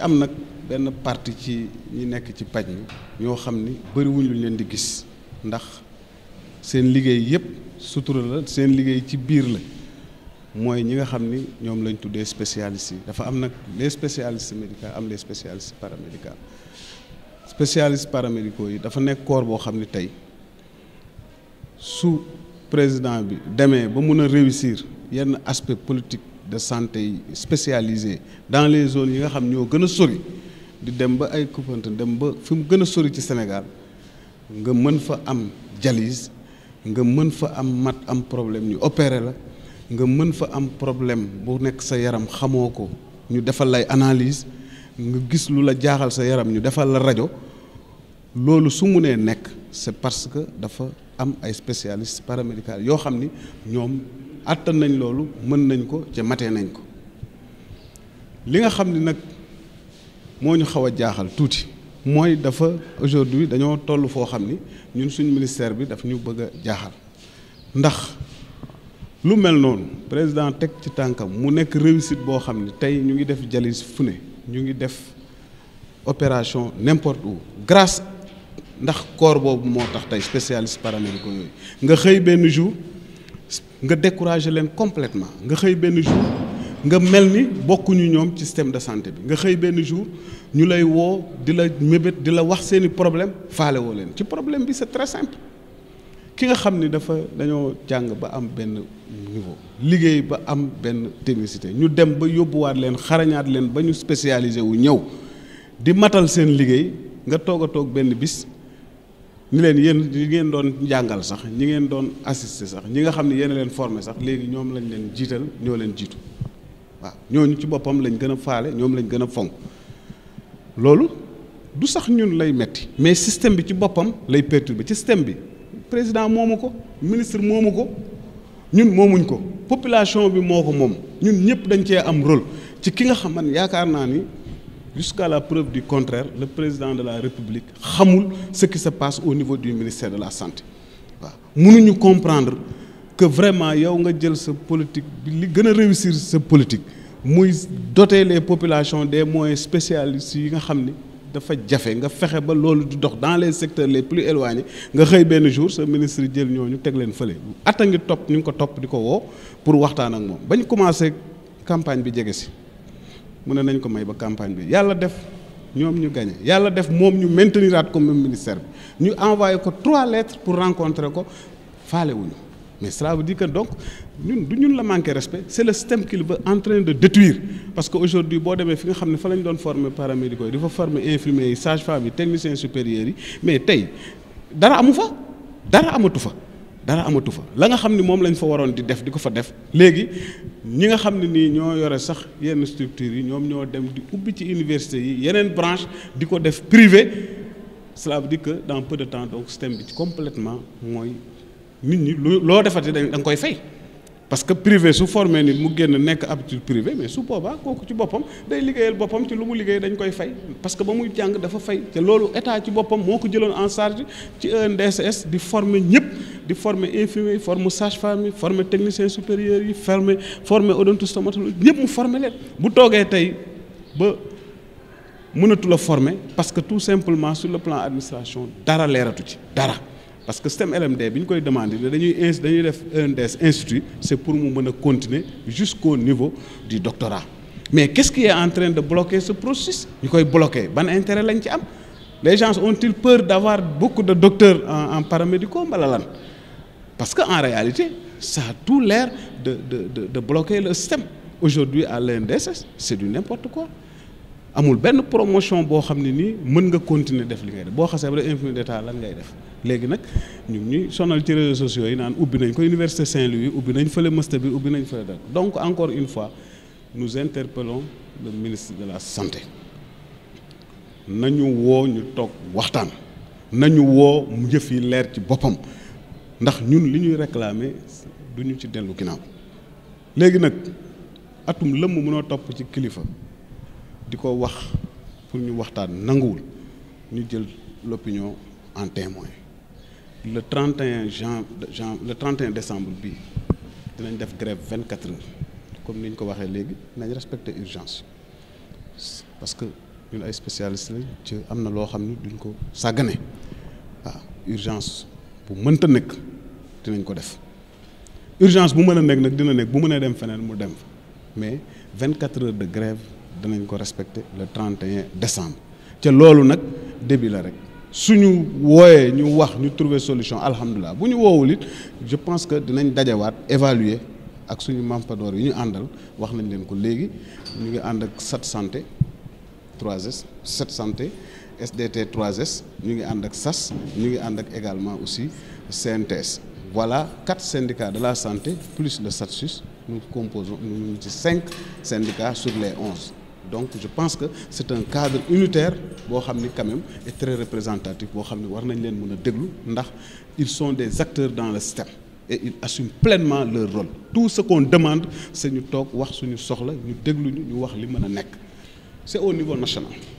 am nag benn parti ci ñi nekk ci paj mi ñoo xam ni bëriwuñ luñ leen di gis ndax seen liggéey yëpp sutura la seen liggéey ci biir la mooy ñi nga xam ni ñoom lañ tuddee spécialistes yi dafa am nag les spécialistes médicaux am les spécialistes paramédicaux spécialistes paramédicaux yi dafa nekk corps boo xam ni tey su président bi demee ba mun a réussir yenn aspect politique de santé spécialisé dans les zones yi nga xam ñoo gën a sori di dem ba ay Koupentoune dem ba fi mu gën a sori ci Sénégal nga mën fa am dialyse nga mën fa am mat am problème ñu opéré la nga mën fa am problème bu nekk sa yaram xamoo ko ñu defal lay analyse nga gis lu la jaaxal sa yaram ñu defal la rajo loolu su mu nee nekk c'est parce que dafa am ay spécialistes paramédicaux yoo xam ni ñoom àttan nañ loolu mën nañ ko ca matee nañ ko li nga xam ni nag moo ñu xaw a jaaxal tuuti mooy dafa aujourd'hui dañoo toll foo xam ni ñun suñ ministère bi dafa ñu bëgg jaaxal ndax lu mel noonu président teg ci tànkam mu nekk réussite boo xam ne tey ñu ngi def jalis fu ñu ngi def opération n'importe où grâce ndax corps boobu moo tax tey spécialiste paramédico yooyu nga xëy benn jour nga décourager leen complètement nga xëy benn jour nga mel ni bokkuñu ñoom ci système de santé bi nga xëy benn jour ñu lay woo di la mébét di la wax seeni problème faale woo leen ci problème bi sa très simple ki nga xam ni dafa dañoo jàng ba am benn niveau liggéey ba am benn technicité ñu dem ba yóbbuwaat leen xarañaat leen ba ñu spécialisé wu ñëw di matal seen liggéey nga toog a toog benn bis ni leen yéen ñi ngeen doon jàngal sax ñi ngeen doon assister sax ñi nga xam ne yéen leen formé sax léegi ñoom lañ leen jiital ñoo leen jiitu waaw ñooñu ci boppam lañ gën a faale ñoom lañ gën a fonk loolu du sax ñun lay metti mais système bi ci boppam lay bi ci système bi président moomu ko ministre moomu ko ñun moomuñ ko population bi moo ko moom ñun ñëpp dañ cee am rôle ci ki nga xaman yaakaar naa ni jusqu'à la preuve du contraire le président de la république xamul ce ki sa passe au niveau du ministère de la santé waaw mënuñu comprendre que vraiment yow nga jël sa politique bi li gën a réussir sa politique muy doter les populations des moyens spécialistes yi nga xam ni dafa jafe nga fexe ba loolu du dox dans les secteurs les plus éloignés nga xëy benn jour sa ministre jël ñu teg leen fële at a ngi topp ñu ngi ko topp di ko woo pour waxtaan ak moom bañ commencé campagne bi jege si. mu ne nañ ko may ba campagne bi yàlla def ñoom ñu gagné yàlla def moom ñu mainteniraat ko ministère bi ñu envoyé ko trois lettres pour rencontrer ko faale wuñu mais cela veut que donc ñun du ñun la manqué respect c' est le système qu'il va en train de détruire parce que aujourd'hui boo demee fi nga xam ne fa la ñu doon former paramédicaux yi di fa former infirmiers yi sage-femme yi techniciens supérieurs yi mais tey dara amu fa dara amatu fa. dara amatu fa la nga xam ni moom lañ fa waroon di def di ko fa def léegi ñi nga xam ne nii ñoo yore sax yenn structures yi ñoom ñoo dem di ubbi ci université yi yeneen branche di ko def privé cela la dire que dans peu de temps donc système bi ci completement mooy nit ñi lu loo defati da nga koy fay parce que privé su formé nit mu génn nekk habitude privée mais su boobaa kooku ci boppam day liggéeyal boppam ci lu mu liggéey dañ koy fay parce que ba muy jàng dafa fay te loolu état ci boppam moo ko jëloon en charge ci ENDSS di forme ñëpp di former infirmier yi former sage-femme yi former technicien supérieur yi former former odontostomatologue ñëpp mu former leen bu toogee tey ba mënatu la former parce que tout simplement sur le plan administration dara leeratu ci dara. parce que STEM LMD bi ñu koy demandé dañuy dañuy def ENDS institut c'est pour mu mën a continuer jusqu'au niveau di doctorat mais qu'est-ce qui est en train de bloquer ce processus ñu koy bloquer ban intérêt lañ ci am les gens ont-ils peur d'avoir beaucoup de docteurs en en paramédicaux mbala lan parce que en réalité ça tout l'air de de de de bloquer le STEM aujourd'hui à l'ENDS c'est du n'importe quoi amul benn promotion boo xam ne nii mën nga continuer def li ngay def boo xasee ba influence d'état lan ngay def léegi nag ñu ñuy sonal ci réseaux sociaux yi naan ubbi nañ ko université Saint-Louis ubbi nañ fële master bi ubbi nañ fële dal donc encore une fois nous interpellons le ministre de la santé nañu woo ñu toog waxtaan nañu woo mu jëf yi leer ci boppam ndax ñun li ñuy réclamer du ñu ci dellu kinaaw léegi nag atum lëmm munoo topp ci kilifa di ko wax pour ñu waxtaan nanguwul ñu jël l'opinion en témoin le 31 jan jan le 31 décembre bi dinañ def grève quatre heures comme ni ñu ko waxee léegi nañ respecter urgence parce que ñun ay spécialiste lañ ci am na loo xam ne duñ ko sàggane waaw urgence bu mënta nekk dinañ ko def urgence bu mën a nekk nag dina nekk bu mënee dem feneen mu dem mais vingt quatre heure de grève dinañ ko respecter le 31 décembre te loolu nag début la rek suñu wooyee ñu wax ñu trouver solution alhamdulilah bu ñu woowul it je pense que dinañ dajawaat évaluer ak suñu mampadoor yi ñu àndal wax nañ leen ko léegi ñu ngi ànd ak sat santé 3S sat santé SDT 3S ñu ngi ànd ak SAS ñu ngi ànd ak également aussi CNTS voilà quatre syndicats de la santé plus le SATSUS nous ñu nous ci cinq syndicats sur les onze donc je pense que c'est un cadre unitaire boo xam ni quand même très représentatif boo xam ni war nañ leen mën a déglu ndax il sont des acteurs dans le système et ils assument pleinement leur rôle tout ce qu'on demande c'est ñu toog wax suñu soxla ñu déglu ñu ñu wax li mën a nekk c'est au niveau national